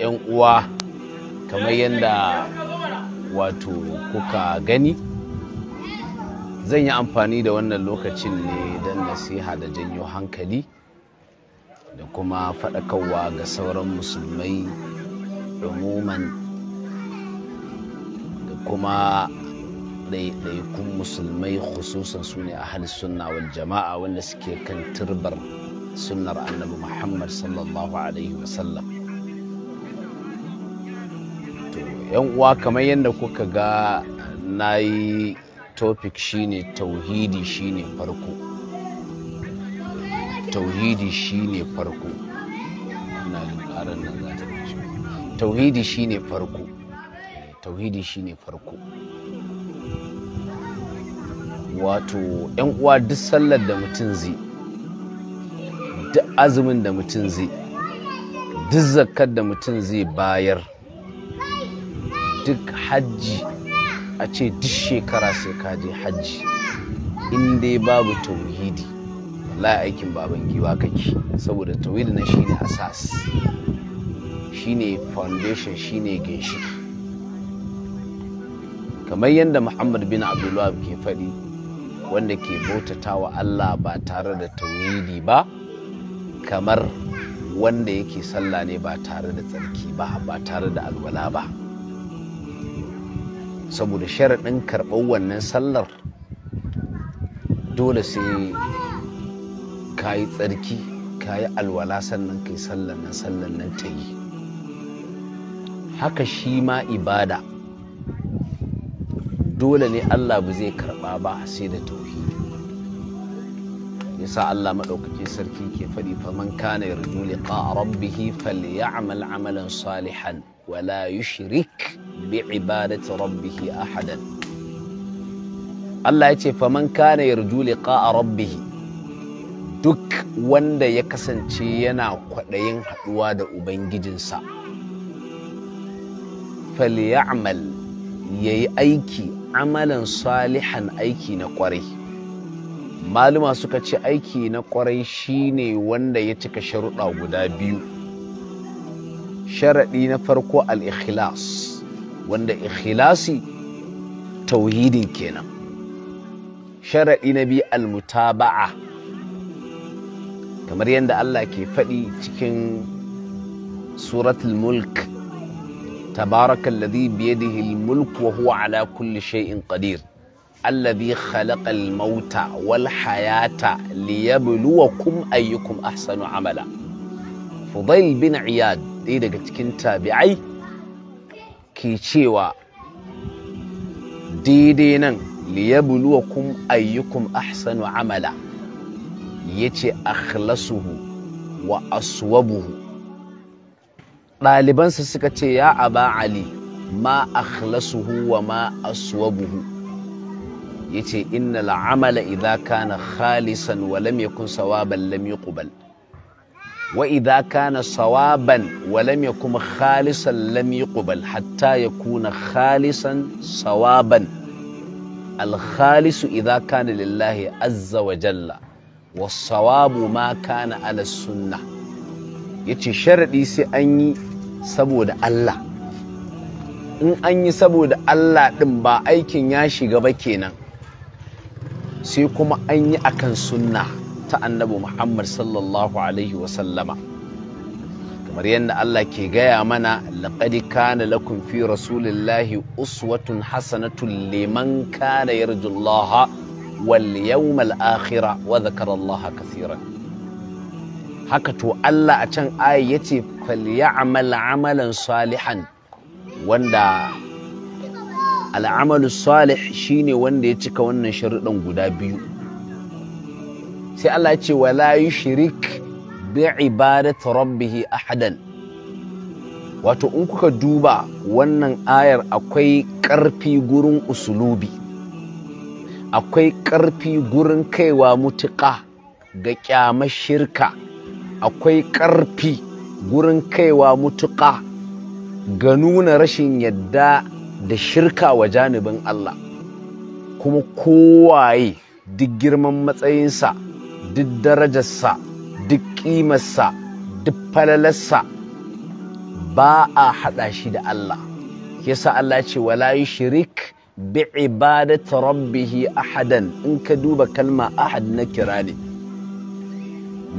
'yan uwa kamar yadda wato kuka gani zan yi amfani da wannan lokacin ne don nasiha da janyo hankali da kuma faɗakarwa ga sauran musulmai umuman da kuma ɗaiɗaikun musulmai khususan su ne a sunna wal jama'a wanda suke kan turbar sunnar annabi muhammad sallallahu alaihi wasallam yan uwa kamar yadda kuka ga na yi topic shine tauhidi shine farko tauhidi shine farko ina jin karar nan za ta tashi tauhidi shine farko tauhidi shine farko wato yan uwa duk sallar da mutum zai duk azumin da mutum zai duk zakkar da mutum zai bayar duk hajji a ce duk shekara sai ka je hajji in dai babu tauhidi la aikin baban giwa kake saboda tauhidi na shine asas shine foundation shine ginshiki kamar yadda muhammad bin abdullahab ke faɗi wanda ke bautata wa allah ba tare da tauhidi ba kamar wanda yake sallah ne ba tare da tsarki ba ba tare da alwala ba saboda sharaɗin karɓar wannan sallar dole sai ka yi tsarki ka yi alwala sannan kai sallar nan sallar nan ta yi haka shi ma ibada dole ne Allah ba zai karɓa ba sai da tauhidi yasa Allah maɗaukakin sarki ke faɗi faman kana yarju liqa rabbih falyamal amalan salihan wala yushrik bi'ibadati rabbihi ahadan Allah ya ce faman kana yarju liqa'a rabbih duk wanda ya kasance yana kwaɗayin haɗuwa da ubangijinsa falyamal yayi aiki amalan salihan aiki na kwarai maluma suka ce aiki na kwarai shine wanda ya cika sharuɗa guda biyu sharaɗi na farko al-ikhlas wanda ikhilasi tauhidin kenan sharaɗi na biyu almutaba'a kamar yadda Allah ke faɗi cikin suratul mulk tabarakal ladhi biyadihi almulk wa huwa ala kulli shay'in qadir alladhi khalaqa almauta wal hayata liyabluwakum ayyukum ahsanu amala fudail bin iyad ɗaya daga cikin tabi'ai ke cewa daidai nan kun ayyukum ahsanu amala yace akhlasuhu wa aswabuhu ɗalibansa suka ce ya aba ali ma akhlasuhu wa ma aswabuhu yace innal amala idza kana khalisan wa lam yakun sawaban lam yuqbal wa idza kana sawaban wa lam kuma khalisan lam yuqbal hatta yakuna khalisan sawaban al khalisu idza kana lillahi azza wa jalla was sawabu ma kana ala sunnah yace sharaɗi sai anyi saboda Allah in anyi saboda Allah ɗin ba aikin ya shiga ba kenan sai kuma anyi yi akan sunna ta annabi Muhammad sallallahu alaihi wasallama kamar yadda Allah ke gaya mana laqad kana lakum fi rasulillahi uswatun hasanatun liman kana yarjullaha wal yawmal akhira wa dhakara Allah kaseeran haka to Allah a can aya yace falyamal amalan salihan wanda al'amalu salih shine wanda ya cika wannan sharuɗan guda biyu sai Allah ya ce wala yushrik bi ibadati rabbih ahadan wato in kuka duba wannan ayar akwai ƙarfi gurin usulubi akwai ƙarfi gurin kaiwa mutuƙa ga ƙyamar shirka akwai ƙarfi gurin kaiwa mutuƙa ga nuna rashin yadda da shirka wa janibin Allah kuma kowaye duk girman matsayinsa duk darajarsa duk ƙimarsa duk falalarsa ba a haɗa shi da Allah yasa Allah ce wala shirik bi ibadati rabbihi ahadan in ka duba kalma ahad na kira ne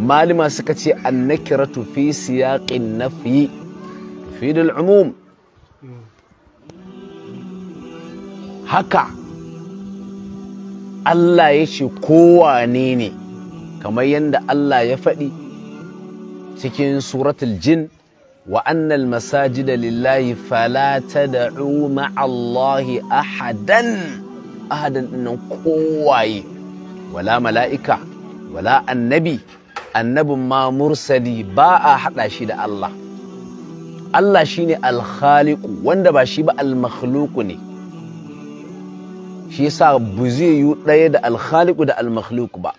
malama suka ce annakiratu fi siyaqin na fi dal umum haka Allah ya ce kowane ne kamar yadda Allah ya faɗi cikin suratul jin wa annal masajida lillahi fala tad'u ma'allahi ahadan ahadan dinnan kowaye wala mala'ika wala annabi annabin ma mursali ba a haɗa shi da Allah Allah shine alkhaliku wanda ba shi ba almakhluku ne shi yasa bu zai yi ɗaya da alkhaliku da almakhluku ba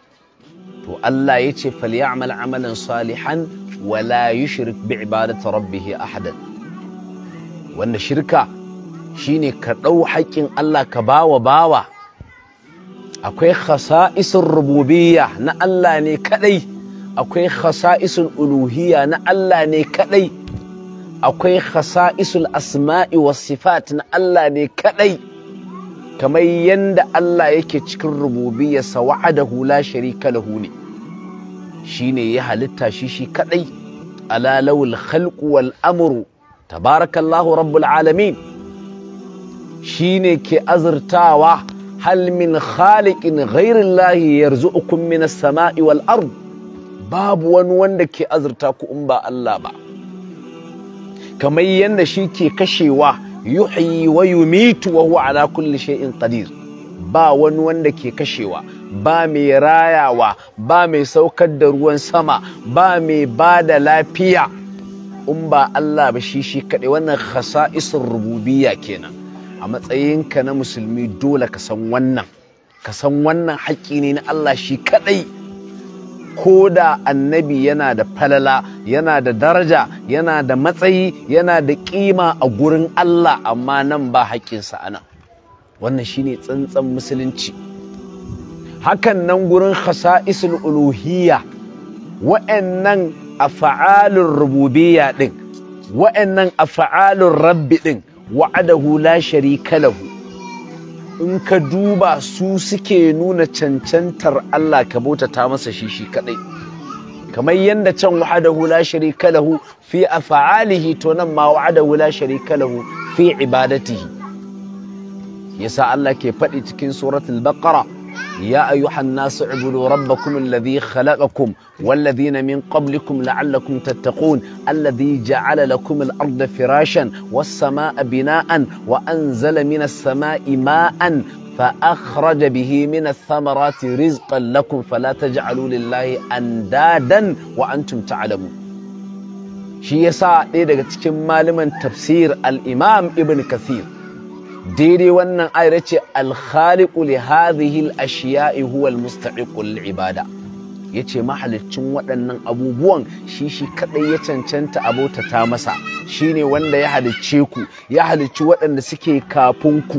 to Allah ya ce falyamal amalan salihan wala yushrik bi ibadati rabbih ahadan Wannan shirka shine ka ɗau haƙƙin Allah ka bawa bawa akwai khasa'isun rububiyya na Allah ne kadai akwai khasa'isul uluhiyya na Allah ne kadai akwai khasa'isul asma'i was sifat na Allah ne kadai kamar yanda Allah yake cikin rububiyarsa wa'adahu la sharika lahu ne shine ya halitta shi shi kadai ala lawul khalqu wal amru tabarakallahu rabbul alamin shine ke azurtawa hal min khaliqin ghairillahi yarzuqukum minas sama'i wal ard babu wani wanda ke azurta ku in ba Allah ba kamar yadda shi ke kashewa yuhyi wa yumitu wa huwa ala kulli shay'in qadir ba wani wanda ke kashewa ba mai rayawa ba mai saukar da ruwan sama ba mai ba da lafiya in ba Allah ba shi shi kaɗai wannan khasa'isin rububiyya kenan a matsayinka na musulmi dole ka san wannan ka san wannan haƙƙi ne na Allah shi kaɗai ko da annabi yana da falala yana da daraja yana da matsayi yana da kima a gurin Allah amma nan ba haƙƙinsa ana nan wannan shine tsantsan musulunci hakan nan gurin khasa'isul uluhiyya wa'annan afa'alur rububiyya din wa'annan afa'alur rabbi ɗin, wa'adahu la sharika lahu in ka duba su suke nuna cancantar Allah ka bautata masa shi shi kadai kamar yadda can wahadahu la sharika lahu fi af'alihi to nan ma wahadahu la sharika lahu fi ibadatihi yasa Allah ke faɗi cikin suratul baqara يا أيها الناس اعبدوا ربكم الذي خلقكم والذين من قبلكم لعلكم تتقون الذي جعل لكم الأرض فراشا والسماء بناء وأنزل من السماء ماء فأخرج به من الثمرات رزقا لكم فلا تجعلوا لله أندادا وأنتم تعلمون شيء yasa ɗaya daga من تفسير الإمام ابن كثير daidai wannan ayar ce alkhaliqu li hadhihi al-ashiya'i huwa al ibada yace mahalicin waɗannan abubuwan shi shi kadai ya cancanta abota ta masa shine wanda ya halicce ku ya halicci waɗanda suke kafin ku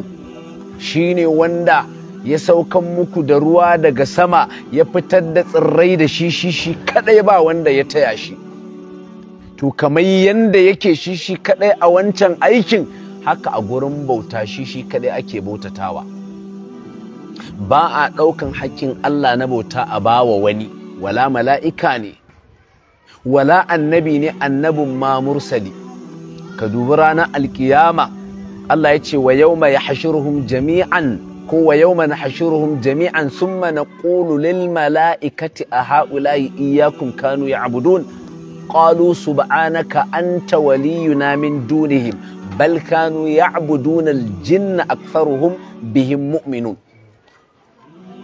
shine wanda ya saukan muku da ruwa daga sama ya fitar da tsirrai da shi shi shi kadai ba wanda ya taya shi to kamar yanda yake shi shi kadai a wancan aikin haka a gurin bauta shi shi kadai ake bautatawa ba a ɗaukan hakkin Allah na bauta a bawa wani wala mala'ika ne wala annabi ne annabin ma mursali ka dubi ranar alkiyama Allah ya ce wa yau ya hashiruhum jami'an ko wa yau na hashiruhum jami'an sun mana ƙulu lil mala'ikati a ha'ulayi iyakun kanu ya abudun qalu subhanaka anta na min dunihim bal kanu ya'buduna al-jinna aktharuhum bihim mu'minun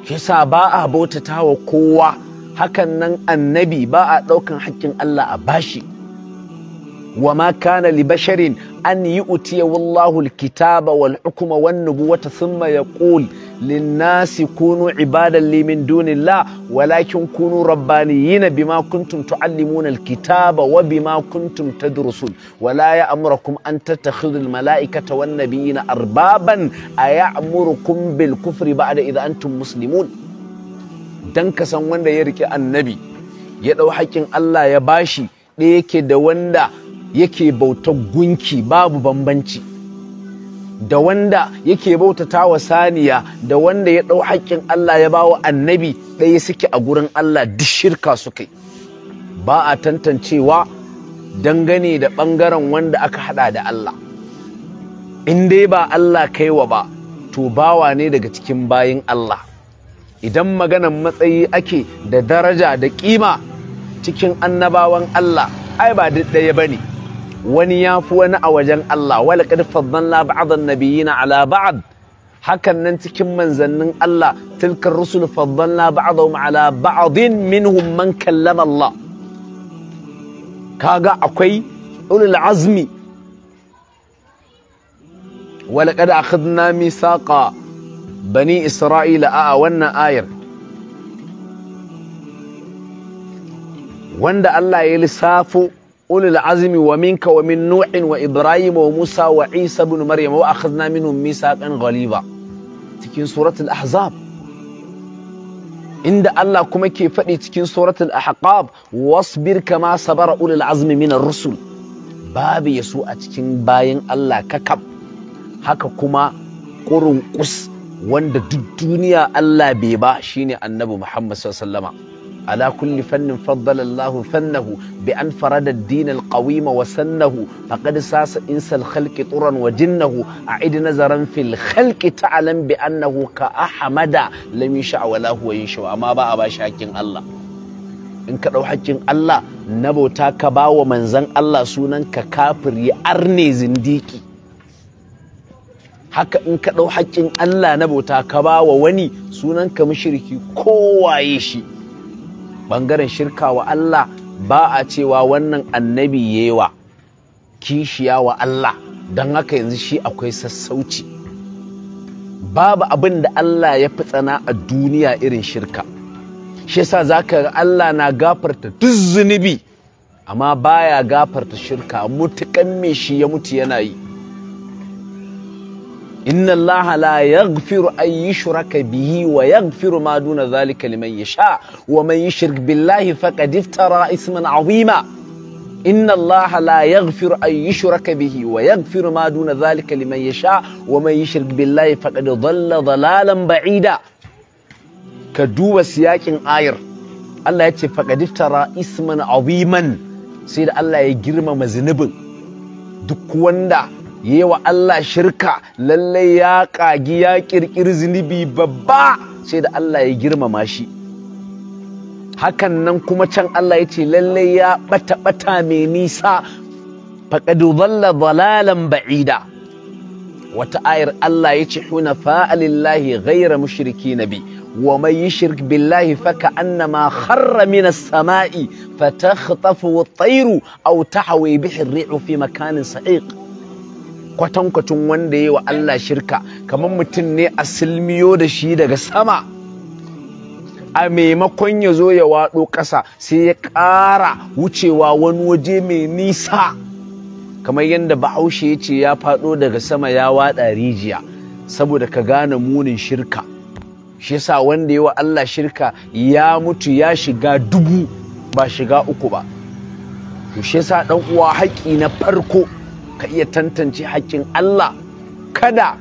kisa ba a bautatawa kowa hakan nan annabi ba a ɗaukan haƙƙin Allah a bashi wa ma kana li basharin an yu'tiyahu Allahu al-kitaba wal hukma wan nubuwata thumma yaqul للناس كونوا عبادا لي من دون الله ولكن كونوا ربانيين بما كنتم تعلمون الكتاب وبما كنتم تدرسون ولا يأمركم أن تتخذوا الملائكة والنبيين أربابا أيأمركم بالكفر بعد إذا أنتم مسلمون دنك سنوان يركي النبي يدو حكين الله يباشي ليك دواندا yake bauta gunki babu bambanci da wanda yake bautata wa saniya da wanda ya ɗau hakkin Allah ya bawa annabi ɗaya suke a gurin Allah duk shirka kai ba a tantancewa dangane da ɓangaren wanda aka haɗa da Allah in dai ba Allah kaiwa ba to bawa ne daga cikin bayin Allah idan maganan matsayi ake da daraja da ƙima cikin annabawan Allah ai ba duk ɗaya ba ne wani ya fi wani a wajen Allah wala qad faddalna ba'dhan nabiyina ala hakan nan cikin manzannin Allah tilkar rusul faddalna ba'dhum ala ba'din minhum man kallama Allah kaga akwai ulul azmi wala qad akhadna misaqa bani isra'ila a wannan ayar wanda Allah ya lissafo ulul azmi wa minka wa min wa ibrahim wa musa wa isa ibn maryam wa akhadna minhum misaqan ghaliba cikin suratul ahzab inda Allah kuma ke faɗi cikin suratul ahqab wasbir kama sabara ulul azmi min ar-rusul babu yasu a cikin bayan Allah kakab haka kuma ƙurun wanda duk duniya Allah bai ba shine annabi Muhammad sallallahu على كل فن فضل الله فنه بأن فرد الدين القويم وسنه فقد ساس إنس الخلق طرا وجنه أعد نظرا في الخلق تعلم بأنه كأحمد لم يشاء ولا هو ينشاء أما بقى باشاكين الله in ka ɗau hakkin Allah na bauta ka ba wa manzan Allah sunan ka kafiri arne zindiki haka in ka ɗau hakkin Allah na bauta ka ba wa wani sunan ka mushriki kowaye shi ɓangaren shirka wa Allah ba a cewa wannan annabi yewa kishiya wa Allah don haka yanzu shi akwai sassauci babu abin da Allah ya fi tsana a duniya irin shirka shi yasa za ka Allah na gafarta duk zunubi amma baya gafarta shirka mutukan me shi ya mutu yana yi inna allaha la yaghfiru an yushraka bihi wa yaghfiru ma duna dhalika liman yasha wa man yushrik billahi faqad iftara isman azima inna allaha la yaghfiru an yushraka bihi wa yaghfiru ma duna dhalika liman yasha wa man yushrik billahi faqad dhalla dhalalan ba'ida ka duba siyakin ayar Allah ya ce faqad iftara isman aziman sai da Allah ya girmama zunubin duk wanda yewa Allah shirka lalle ya kagi ya ƙirƙiri zunubi babba sai da Allah ya girmama shi hakan nan kuma can Allah ya ce lalle ya bata bata mai nisa faqad dhalla dhalalan ba'ida wata ayar Allah ya ce hunafa lillahi ghayra mushriki nabi wa man yushrik billahi faka annama kharra min as-sama'i fatakhtafu at-tayru aw tahwi bihi ar-ri'u fi makanin sa'iq kwatankwacin wanda ya wa Allah shirka kamar mutum ne a silmiyo da shi daga sama a maimakon ya zo ya waɗo ƙasa sai ya ƙara wucewa wani waje mai nisa kamar yadda bahaushe ya ce ya faɗo daga sama ya waɗa rijiya saboda ka gane munin shirka shi yasa wanda ya wa Allah shirka ya mutu ya shiga dubu ba shiga uku ba to shi yasa ɗan uwa haƙƙi na farko ka iya tantance haƙƙin Allah kada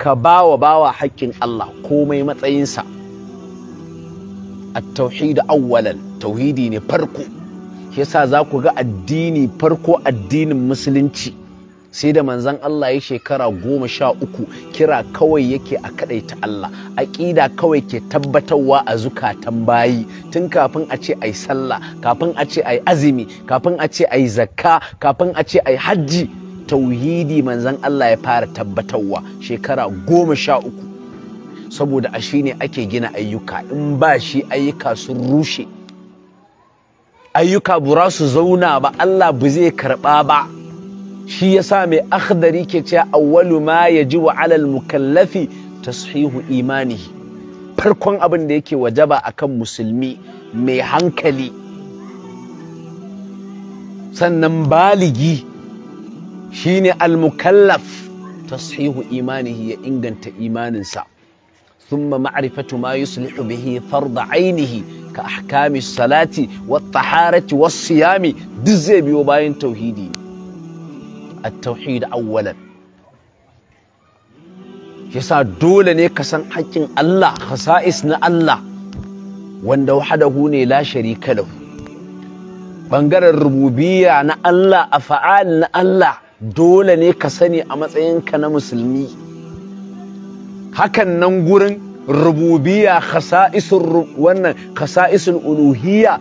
ka bawa bawa haƙƙin Allah komai matsayinsa at-tauhid awwalan tauhidi ne farko yasa za ku ga addini farko addinin musulunci sai da manzan Allah ya shekara goma sha uku kira kawai yake a ta Allah aƙida kawai ke tabbatarwa a zukatan bayi tun kafin a ce ai sallah kafin a ce ai azumi kafin a ce ai zakka kafin a ce ai hajji tauhidi manzan Allah ya fara tabbatarwa shekara goma sha uku saboda a shi ne ake gina ayyuka in ba shi ayyuka sun rushe ayyuka bura su zauna ba Allah ba zai karɓa ba shi yasa mai akhdari ke ce awwalu ma ya ji alal mukallafi tashihu imanihi farkon abin da yake wajaba akan musulmi mai hankali sannan baligi shine almukallaf tashihu imanihi ya inganta imaninsa ثم معرفة ما يصلح به فرض عينه كأحكام الصلاة والطهارة والصيام دزي بيوباين توحيدي at-tauhid awwalan yasa dole ne ka san haƙƙin Allah khasa'is na Allah wanda wahadahu ne la sharika lahu bangaren rububiyya na Allah a fa'al na Allah dole ne ka sani a matsayinka na musulmi hakan nan gurin rububiya khasa'isul wannan khasa'isul uluhiyya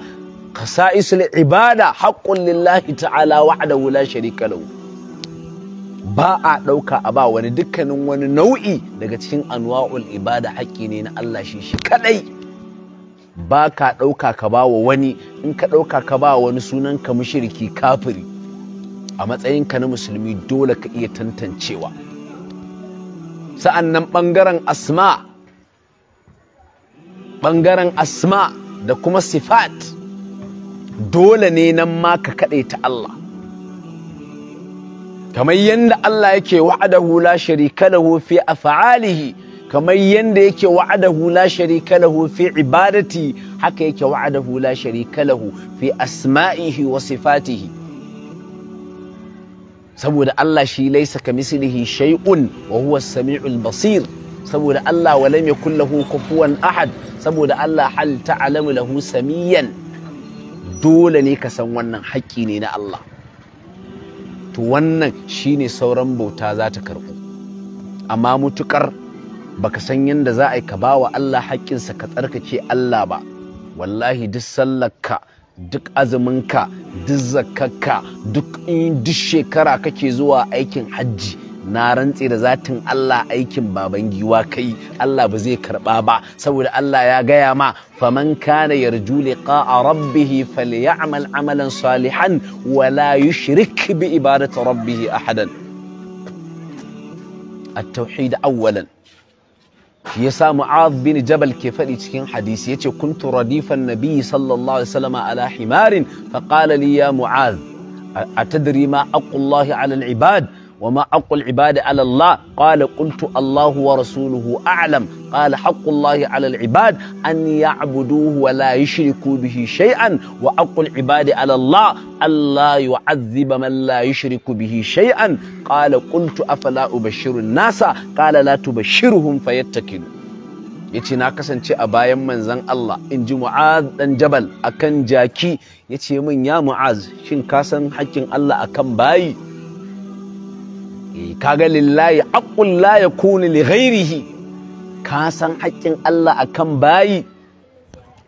khasa'isul ibada haqqun lillahi ta'ala wahdahu la sharika lahu ba a ɗauka a ba wani dukkanin wani nau'i daga cikin anwa'ul ibada haƙƙi ne na Allah shi shi kaɗai ba ka ɗauka ka ba wa wani in ka ɗauka ka ba wani sunan ka mushriki kafiri a matsayin ka na musulmi dole ka iya tantancewa Sa'annan nan ɓangaren asma ɓangaren asma da kuma sifat dole ne nan ma ka kaɗaita Allah kamar yanda Allah yake waada la sharika a fi af'alihi kamar yanda yake wa'ada la sharika lahu fi ibadati haka yake wa'ada la sharika lahu fi asma'ihi wa sifatihi saboda Allah shi laisa kamislihi shay'un wa huwa samiul basir saboda Allah wa lam yakul lahu kufuwan ahad saboda Allah hal ta'lamu lahu samiyan dole ne ka san wannan haƙƙi ne na Allah to wannan shine sauran bauta za ta karɓo. amma mutukar baka san yadda za a yi ka ba wa Allah haƙƙinsa ka tsarkake Allah ba wallahi duk sallarka duk ka, duk zakkarka duk shekara kake zuwa aikin hajji na rantse da zatin Allah aikin baban giwa kai Allah ba zai karba ba saboda Allah ya gaya ma faman kana yarju liqa'a rabbih falyamal amalan salihan wa la yushrik bi ibadati rabbih ahadan at-tauhid awwalan ya sa mu'adh bin jabal ke faɗi cikin hadisi yace kuntu radifan nabiy sallallahu alaihi wasallam ala himarin faqala li ya mu'adh atadri ma aqullahi ala al-ibad وما حق العباد على الله قال قلت الله ورسوله أعلم قال حق الله على العباد أن يعبدوه ولا يشركوا به شيئا وحق العباد على الله ألا يعذب من لا يشرك به شيئا قال قلت أفلا أبشر الناس قال لا تبشرهم فيتكلوا yace na kasance a bayan manzan Allah in ji Mu'az dan Jabal akan jaki yace min ya Mu'az shin ka san hakkin Allah akan bayi Eh, kaga lillahi haƙƙun la yakunu li ghairihi ka san haƙƙin Allah kan bayi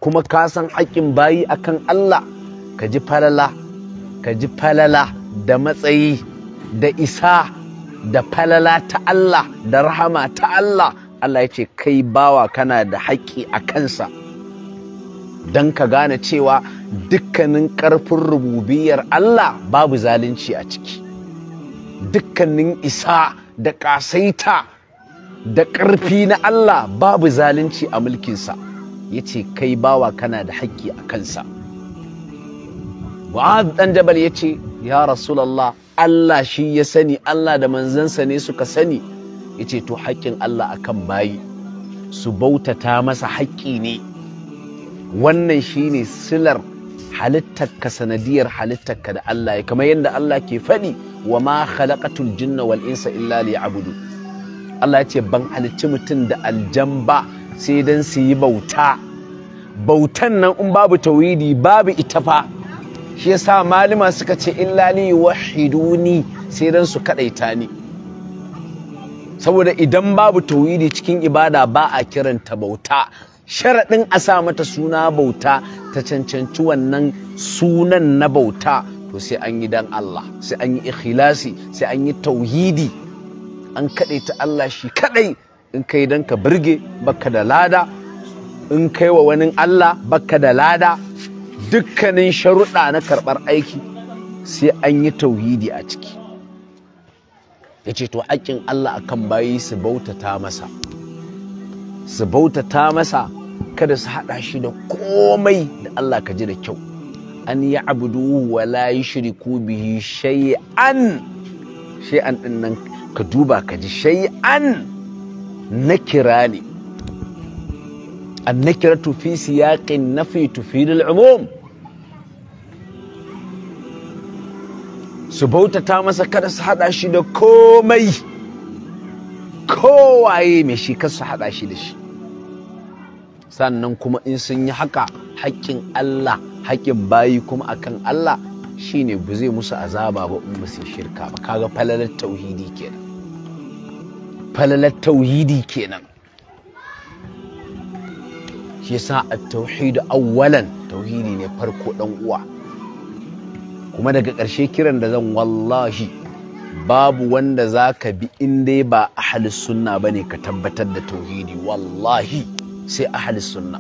kuma ka san haƙƙin bayi akan Allah ka ji falala ka ji falala da matsayi da isa da falala ta Allah da rahama ta Allah Allah ya ce kai bawa kana da haƙƙi a kansa don ka gane cewa dukkanin ƙarfin rububiyar Allah babu zalunci a ciki dukkanin isa da ƙasaita da ƙarfi na Allah babu zalunci a mulkinsa ya ce kai bawa kana da haƙƙi a kansa wa'ad ɗan jabal ya ce ya rasulallah Allah shi ya sani Allah da manzansa ne suka sani ya ce to haƙƙin Allah a kan bayi su bautata masa haƙƙi ne wannan shi ne silar halittarka sanadiyar halittarka da Allah ya kamar yadda Allah ke faɗi wa ma khalaqatul jinna wal insa illa liya'budu Allah ya ce ban halicci mutum da aljan sai dan su yi bauta bautan nan in babu tauhidi babu ita fa shi yasa malama suka ce illa li wahiduni sai dan su kadaita ni saboda idan babu tauhidi cikin ibada ba a kiranta bauta sharaɗin a sa mata suna bauta ta cancanci wannan sunan na bauta to sai an yi dan Allah sai an yi ikhlasi sai an yi tauhidi an kaɗai ta Allah shi kadai in kai dan ka birge baka da lada in kai wa wani Allah baka da lada dukkanin sharuɗa na karɓar aiki sai an yi tauhidi a ciki Yace to haƙƙin Allah akan bayi su bautata masa su bautata masa kada su haɗa shi da komai da Allah ka ji da kyau an yi abudu wa la yushriku bihi shay'an an din nan ka duba ka ji shay'an nakira ne النكرة في سياق النفي تفيد العموم su bautata masa kada su haɗa shi da komai kowaye mai shi kada su haɗa shi da shi sannan kuma in sun yi haka haƙƙin Allah haƙƙin bayi kuma akan Allah shine bu zai musu azaba ba in ba shirka ba kaga falalar tauhidi kenan falalar tauhidi kenan shi yasa at-tauhid awwalan tauhidi ne farko dan uwa kuma daga ƙarshe kiran da zan wallahi babu wanda za ka bi in dai ba ahli sunna bane ka tabbatar da tauhidi wallahi sai ahli sunna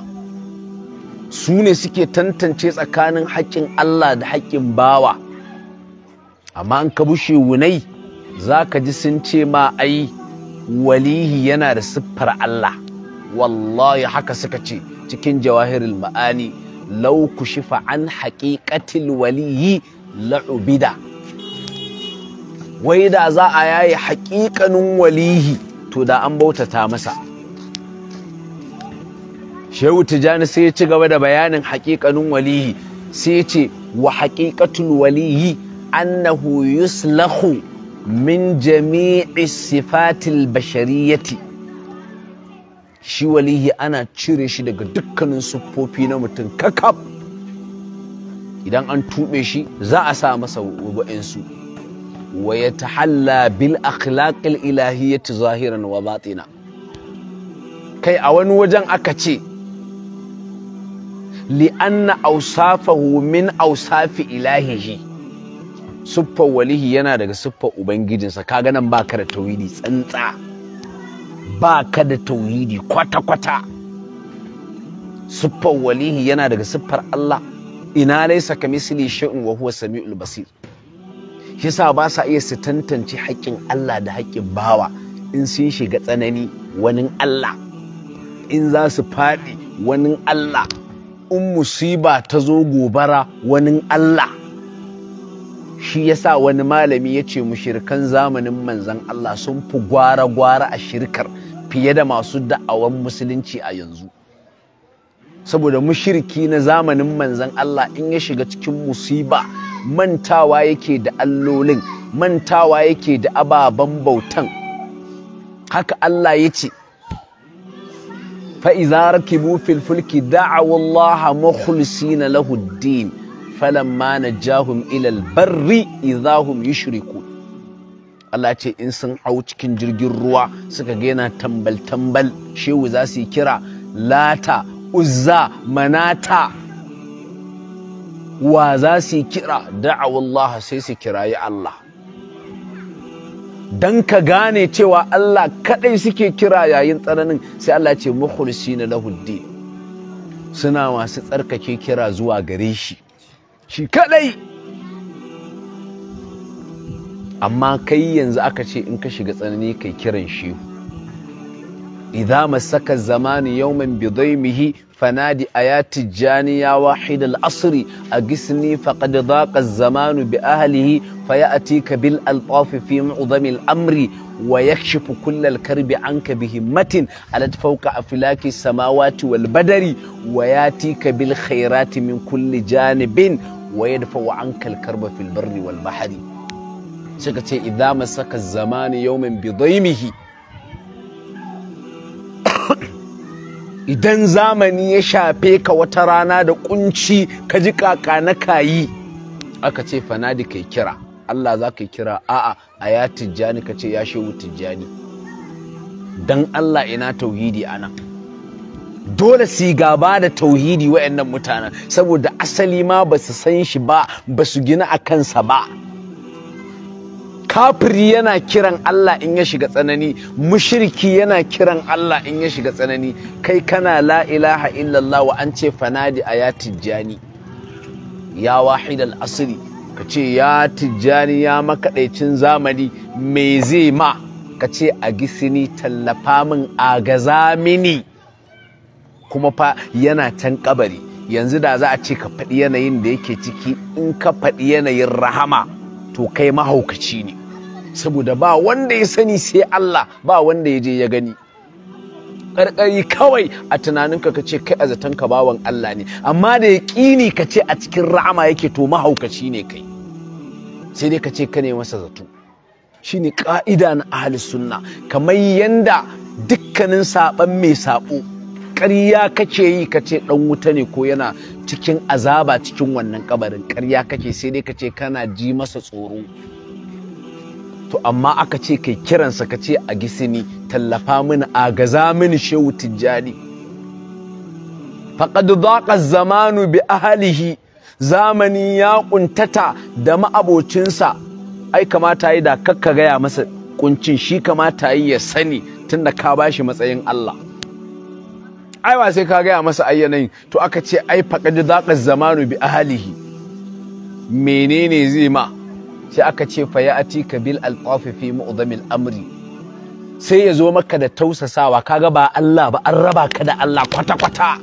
su ne suke tantance tsakanin haƙƙin Allah da haƙƙin bawa amma an ka bushe wunai za ka ji sun ce ma ai walihi yana da siffar Allah wallahi haka suka ce cikin jawahirul ma'ani lauku shi an haƙiƙatil walihi la'ubida wai da za a yaye haƙiƙanin walihi to da an bautata masa shehu tijani sai ya ci gaba da bayanin haƙiƙanin walihi sai ya ce wa haƙiƙatul walihi annahu yuslahu min jami'i sifatil bashariyati shi walihi ana cire shi daga dukkanin siffofi na mutum kakab idan an tuɓe shi za a sa masa wa'insu wa ya tahalla bil akhlaqil ilahiyyati zahiran wa batina kai a wani wajen aka ce li'anna ausafahu min ilahi ilahihi siffar walihi yana daga siffar ubangijinsa kaga nan ba ka da tauhidi tsantsa ba ka da tauhidi kwata-kwata siffar walihi yana daga siffar Allah ina laisa ka misli shay'un wa huwa sami'ul basir yasa ba sa iya su tantance haƙƙin Allah da haƙƙin bawa in sun shiga tsanani wani Allah in za su faɗi wani Allah in musiba ta zo gobara wani Allah shi ya sa wani malami ya ce mushirkan zamanin manzan Allah sun fi gwara-gwara a shirkar fiye da masu da'awan musulunci a yanzu saboda mushirki na zamanin manzan Allah in ya shiga cikin musiba mantawa yake da allolin mantawa yake da ababen bautan haka Allah ya ce فإذا ركبوا في الفلك دعوا الله مخلصين له الدين فلما نجاهم إلى البر إذا هم يشركون Allah ce in sun hau cikin jirgin ruwa suka ga yana tambal-tambal shehu za su yi kira lata uzza manata wa za su yi kira da'awallaha sai su kirayi Allah don ka gane cewa Allah kaɗai suke kira yayin tsananin sai Allah ce makhulsi na lahuddi suna masu tsarkake kira zuwa gare shi shi kaɗai amma kai yanzu aka ce in ka shiga tsanani kai kiran shehu إذا مسك الزمان يوما بضيمه فنادي آيات يا واحد العصر أقسني فقد ضاق الزمان بأهله فيأتيك بالألطاف في معظم الأمر ويكشف كل الكرب عنك بهمة علت فوق أفلاك السماوات والبدر ويأتيك بالخيرات من كل جانب ويدفع عنك الكرب في البر والبحر إذا مسك الزمان يوما بضيمه idan zamani ya shafe ka wata rana da kunci ka ji kaka na kayi aka ce fanadi kai kira Allah za ka kira a'a a ya tijjani ka ce ya shehu tijjani Don Allah ina tauhidi a nan. dole su gaba da tauhidi wayannan mutanen saboda asali ma ba su san shi ba ba su gina a kansa ba kafiri yana kiran Allah in ya shiga tsanani mushriki yana kiran Allah in ya shiga tsanani kai kana la ilaha illallah wa an ce fanadi a ya tijjani ya wahid asiri. ka ce ya tijjani ya makaɗaicin zamani me zai ma ka ce a gisini tallafa min a gaza mini kuma fa yana can kabari yanzu da za a ce ka faɗi yanayin da yake ciki in ka faɗi yanayin rahama to kai mahaukaci ne saboda ba wanda ya sani sai Allah ba wanda ya je ya gani ƙarƙari kawai a tunaninka ka ce kai a zatonka bawan Allah ne amma da ya ƙini ka ce a cikin rama yake to mahaukaci ne kai sai dai ka ce ka ne masa zato shine ƙa'ida na ahli sunna kamar yanda dukkanin saɓan mai saɓo ƙarya kake yi ka ce ɗan wuta ne ko yana cikin azaba cikin wannan kabarin ƙarya kake sai dai ka ce kana ji masa tsoro to amma aka ce kai kiransa ka ce a gisini tallafa mini agaza mini shehu tijjani faƙad zaƙa zamanu bi ahlihi zamani ya ƙuntata da ma'abocinsa ai kamata yi da kakka gaya masa kuncin shi kamata yi ya sani tunda ka bashi matsayin Allah ai ba sai ka gaya masa ayyanayin to aka ce ai faƙad zaƙa zamanu bi ahalihi menene zai ma sai aka ce fa ati ka bil alqafi fi amri sai ya zo maka da tausasawa kaga ba Allah ba an raba ka da Allah kwata kwata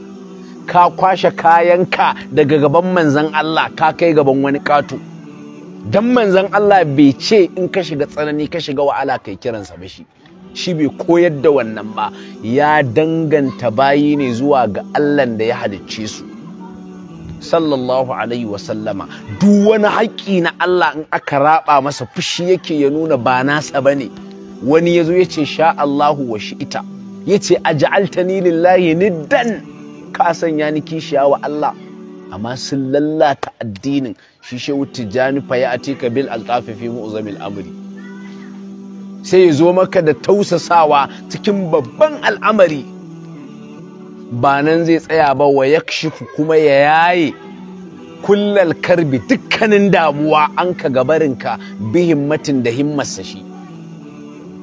ka kwashe kayanka daga gaban manzon Allah ka kai gaban wani kato dan manzon Allah bai ce in ka shiga tsanani ka shiga wahala kai kiransa ba shi shi bai koyar da wannan ba ya danganta bayi ne zuwa ga Allahn da ya halicce su sallallahu alaihi wasallama duk wani haƙƙi na Allah in aka raba masa fushi yake ya nuna ba nasa bane wani yazo yace sha Allahu wa shi'ita yace aj'altani lillahi niddan ka sanya ni kishiya wa Allah amma sun lallata addinin shi shehu jani fa ya atika bil alqafi fi mu'zamil amri sai ya zo maka da tausasawa cikin babban al'amari ba nan zai tsaya ba wa yakshifu kuma ya yaye kullal karbi dukkanin damuwa an ka gabarinka bi himmatin da himmarsa shi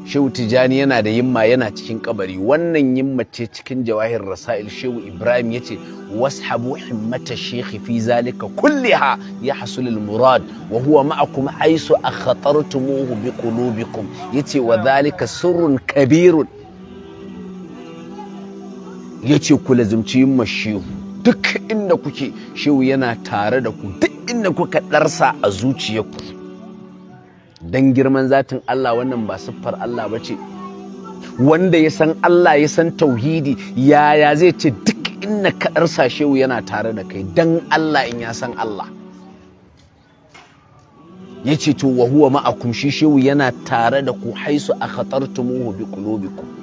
shehu tijani yana da yimma yana cikin kabari wannan yimma ce cikin jawahir rasail shehu ibrahim yace washabu himmata shekhi fi zalika kulliha ya hasulul murad wa huwa ma'akum haisu akhatartumuhu bi qulubikum yace wa zalika sirrun kabirun ya ce ku lazimci yin mashehu duk inda kuke shehu yana tare da ku duk inda kuka ɗarsa a zuciyarku don girman zatin Allah wannan ba siffar Allah ba ce wanda ya san Allah ya san tauhidi yaya zai ce duk inda ka ɗarsa shehu yana tare da kai don Allah in ya san Allah ya ce to wa huwa ma'akum shi shehu yana tare da ku haisu a khatartumuhu bi qulubikum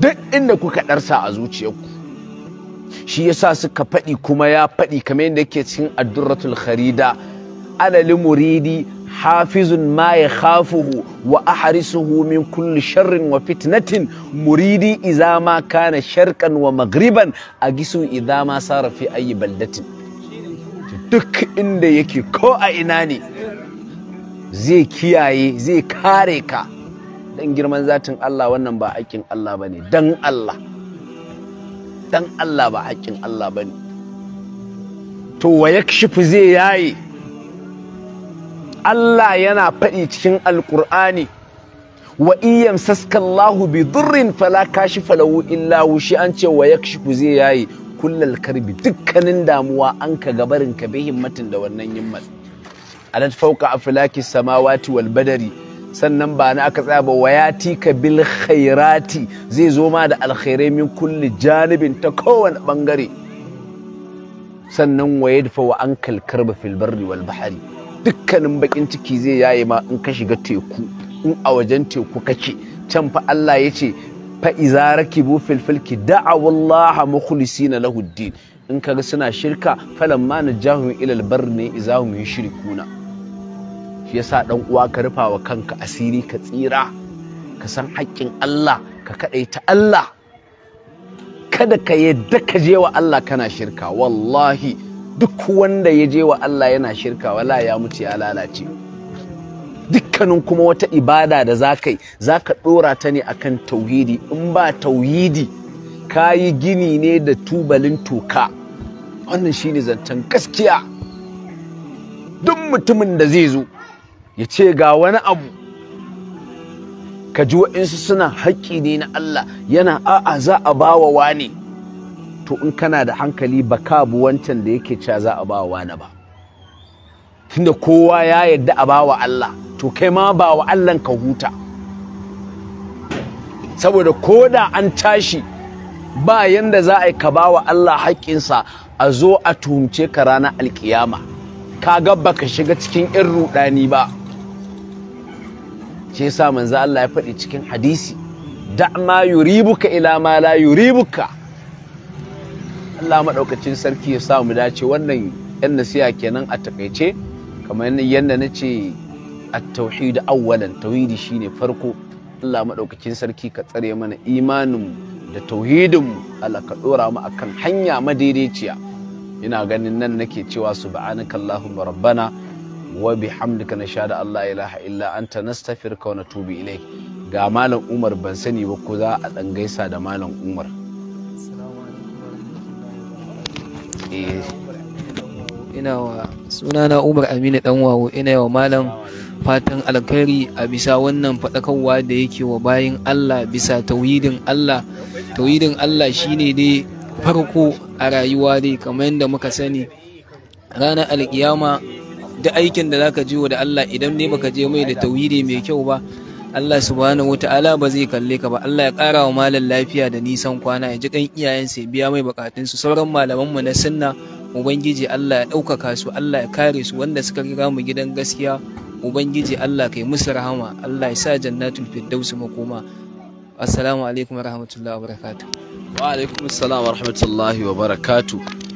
duk inda kuka ɗarsa a zuciyarku shi yasa suka faɗi kuma ya faɗi kamar yadda yake cikin addurratul kharida Alali muridi hafizun ma ya khafuhu wa ahrisuhu min kulli sharrin wa fitnatin muridi idza ma kana sharqan wa maghriban agisu idza ma sara fi ayi baldatin duk inda yake ko a ina ne zai kiyaye zai kare ka dan girman zatin Allah wannan ba aikin Allah ba dan Allah dan Allah ba aikin Allah ba to wa yakshifu zai yaye Allah yana faɗi cikin alƙur'ani wa in yamsaskallahu bi durrin fala kashifa lahu illa shi an ce wa yakshifu zai yaye kullal karbi dukkanin damuwa an ka gabarin ka bi himmatin da wannan yimmat alat fauka aflaki samawati wal badari sannan ba na aka tsaya ba wayati ka bil khairati zai zo ma da alkhairai min kulli janibin ta kowane bangare sannan waye dafa wa an kalkarba fil barri wal bahari dukkanin bakin ciki zai yaye ma in ka shiga teku in a wajen teku kake can fa Allah ya ce fa iza rakibu fil filki da'a Allah mukhlisina lahu din in kaga suna shirka falamma najahum ila al barri izahum yushrikuna shi yasa ɗan uwa ka rufa wa kanka asiri ka tsira ka san haƙƙin Allah ka kaɗai ta Allah kada ka yadda ka je wa Allah kana shirka wallahi duk wanda ya je wa Allah yana shirka wala ya mutu ya lalace dukkanin kuma wata ibada da za ka yi za ka ɗora ta ne akan tauhidi in ba tauhidi ka yi gini ne da tubalin toka wannan shine zancen gaskiya duk mutumin da zai zo ya ce ga wani abu kaji ji wa'insu suna haƙƙi ne na Allah yana a'a za a ba wa wane to in kana da hankali ba ka bu wancan da yake cewa za a ba wa wane ba tunda kowa ya yadda a ba wa Allah to kai ma ba wa Allah ka huta saboda ko da an tashi ba yanda za a yi ka wa Allah haƙƙinsa a zo a tuhumce ka ranar alƙiyama ka ga ka shiga cikin irin ruɗani ba shi yasa manzo Allah ya faɗi cikin hadisi da ma yuribuka ila ma la yuribuka Allah maɗaukacin sarki ya samu dace wannan yan nasiha kenan a takaice kamar yadda na ce at-tauhid awwalan tauhidi shine farko Allah maɗaukacin sarki ka tsare mana imanin da tauhidin Allah ka ɗora mu akan hanya madaidaiciya ina ganin nan nake cewa subhanakallahumma rabbana wa sha da allah la ilaha illa anta nastaghfiruka na tubi ilayk ga malam Umar ban sani ba ko za a dan gaisa da malam Umar eh. ina wa sunana Umar Aminu wawo ina wa malam fatan alkhairi a bisa wannan faɗakarwa da yake wa bayan Allah bisa tauhidin Allah tauhidin Allah shine dai farko a rayuwa dai kamar yadda muka sani ranar alkiyama duk aikin da zaka wa da Allah idan ne baka je mai da tauhidi mai kyau ba Allah subhanahu wata'ala ba zai kalle ka ba Allah ya kara wa malam lafiya da nisan kwana ya ji kan iyayensa ya biya mai bukatun su sauran malaman mu na sunna ubangiji Allah ya ɗaukaka su Allah ya kare su wanda suka riga mu gidan gaskiya ubangiji Allah kai musu rahama Allah ya sa jannatul firdausi makoma assalamu alaikum warahmatullahi wabarakatuh wa alaikum warahmatullahi wabarakatuh